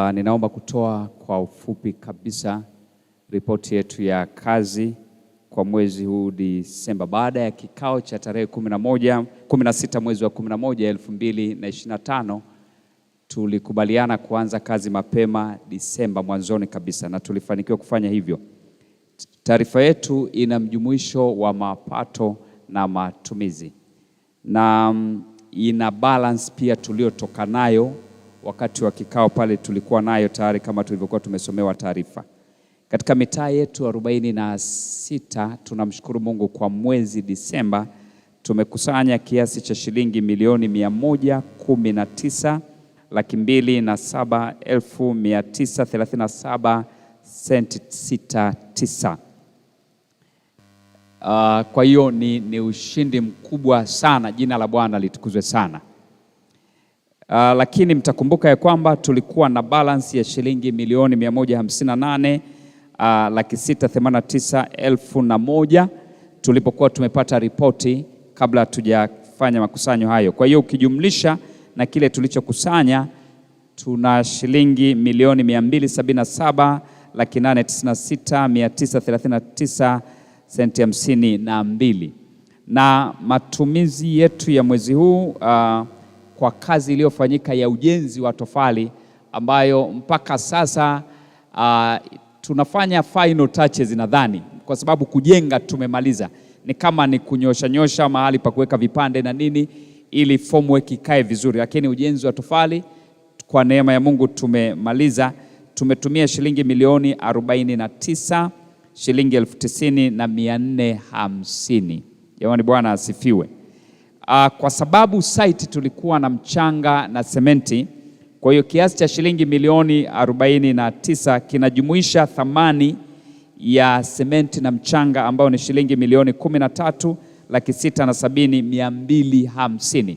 Uh, ninaomba kutoa kwa ufupi kabisa ripoti yetu ya kazi kwa mwezi huu Disemba. Baada ya kikao cha tarehe 11, 16 mwezi wa 11 2025, tulikubaliana kuanza kazi mapema Disemba mwanzoni kabisa na tulifanikiwa kufanya hivyo. Taarifa yetu ina mjumuisho wa mapato na matumizi na mm, ina balance pia tuliyotoka nayo wakati wa kikao pale tulikuwa nayo tayari kama tulivyokuwa tumesomewa taarifa. Katika mitaa yetu arobaini na sita tunamshukuru Mungu kwa mwezi Disemba tumekusanya kiasi cha shilingi milioni mia moja kumi na tisa laki mbili na saba elfu mia tisa thelathini na saba senti sita tisa. Uh, kwa hiyo ni, ni ushindi mkubwa sana. Jina la Bwana litukuzwe sana. Uh, lakini mtakumbuka ya kwamba tulikuwa na balance ya shilingi milioni 158 uh, ah, laki na elfu na moja tulipokuwa tumepata ripoti kabla hatujafanya makusanyo hayo. Kwa hiyo ukijumlisha na kile tulichokusanya tuna shilingi milioni 277 laki nane tisini na senti hamsini na mbili na matumizi yetu ya mwezi huu uh, kwa kazi iliyofanyika ya ujenzi wa tofali ambayo mpaka sasa uh, tunafanya final touches nadhani, kwa sababu kujenga tumemaliza, ni kama ni kunyosha nyosha mahali pa kuweka vipande na nini ili formwork ikae vizuri, lakini ujenzi wa tofali kwa neema ya Mungu tumemaliza. Tumetumia shilingi milioni 49 shilingi elfu tisini na mia nne hamsini. Jamani, Bwana asifiwe. Uh, kwa sababu site tulikuwa na mchanga na sementi, kwa hiyo kiasi cha shilingi milioni 49 kinajumuisha thamani ya sementi na mchanga ambayo ni shilingi milioni 13 laki sita na sabini mia mbili hamsini.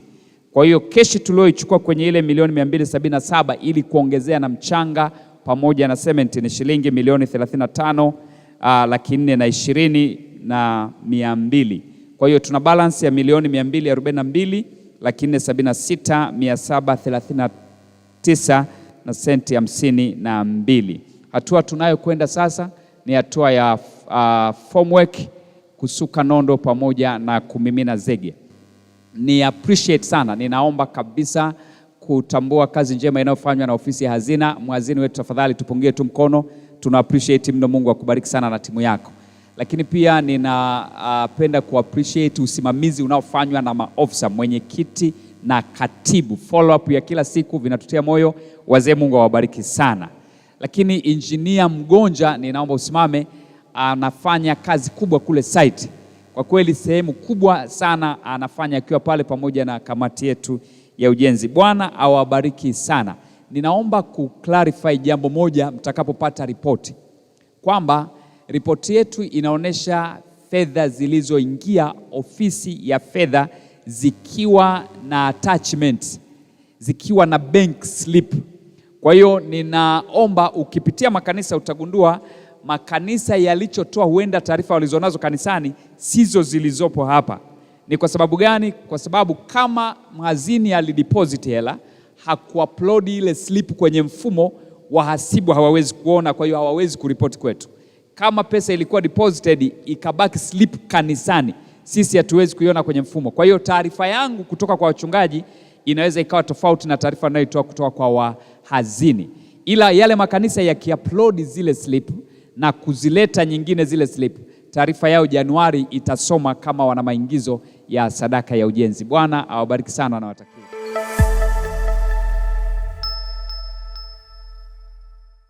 Kwa hiyo keshi tulioichukua kwenye ile milioni 277 ili kuongezea na mchanga pamoja na sementi ni shilingi milioni 35 uh, ah, laki nne na ishirini na mia mbili kwa hiyo tuna balance ya milioni 242 laki nne sabini na sita mia saba na na senti hamsini na mbili. Hatua tunayokwenda sasa ni hatua ya uh, formwork kusuka nondo pamoja na kumimina zege. Ni appreciate sana, ninaomba kabisa kutambua kazi njema inayofanywa na ofisi ya hazina. Mhazini wetu tafadhali tupungie tu mkono, tuna appreciate mno. Mungu akubariki sana na timu yako lakini pia ninapenda ah, uh, ku appreciate usimamizi unaofanywa na maofisa, mwenyekiti na katibu. Follow up ya kila siku vinatutia moyo wazee, Mungu awabariki sana. Lakini injinia Mgonja, ninaomba usimame, anafanya kazi kubwa kule site. Kwa kweli sehemu kubwa sana anafanya akiwa pale pamoja na kamati yetu ya ujenzi. Bwana awabariki sana. Ninaomba clarify jambo moja mtakapopata ripoti kwamba Ripoti yetu inaonyesha fedha zilizoingia ofisi ya fedha zikiwa na attachment, zikiwa na bank slip. Kwa hiyo ninaomba ukipitia makanisa utagundua makanisa yalichotoa huenda taarifa walizonazo kanisani sizo zilizopo hapa. Ni kwa sababu gani? Kwa sababu kama mhazini alideposit hela hakuupload ile slip kwenye mfumo, wahasibu hawawezi kuona, kwa hiyo hawawezi kuripoti kwetu. Kama pesa ilikuwa deposited ikabaki slip kanisani, sisi hatuwezi kuiona kwenye mfumo. Kwa hiyo taarifa yangu kutoka kwa wachungaji inaweza ikawa tofauti na taarifa ninayoitoa kutoka kwa wahazini, ila yale makanisa yakiupload zile slip na kuzileta nyingine zile slip, taarifa yao Januari itasoma kama wana maingizo ya sadaka ya ujenzi. Bwana awabariki sana, na watakia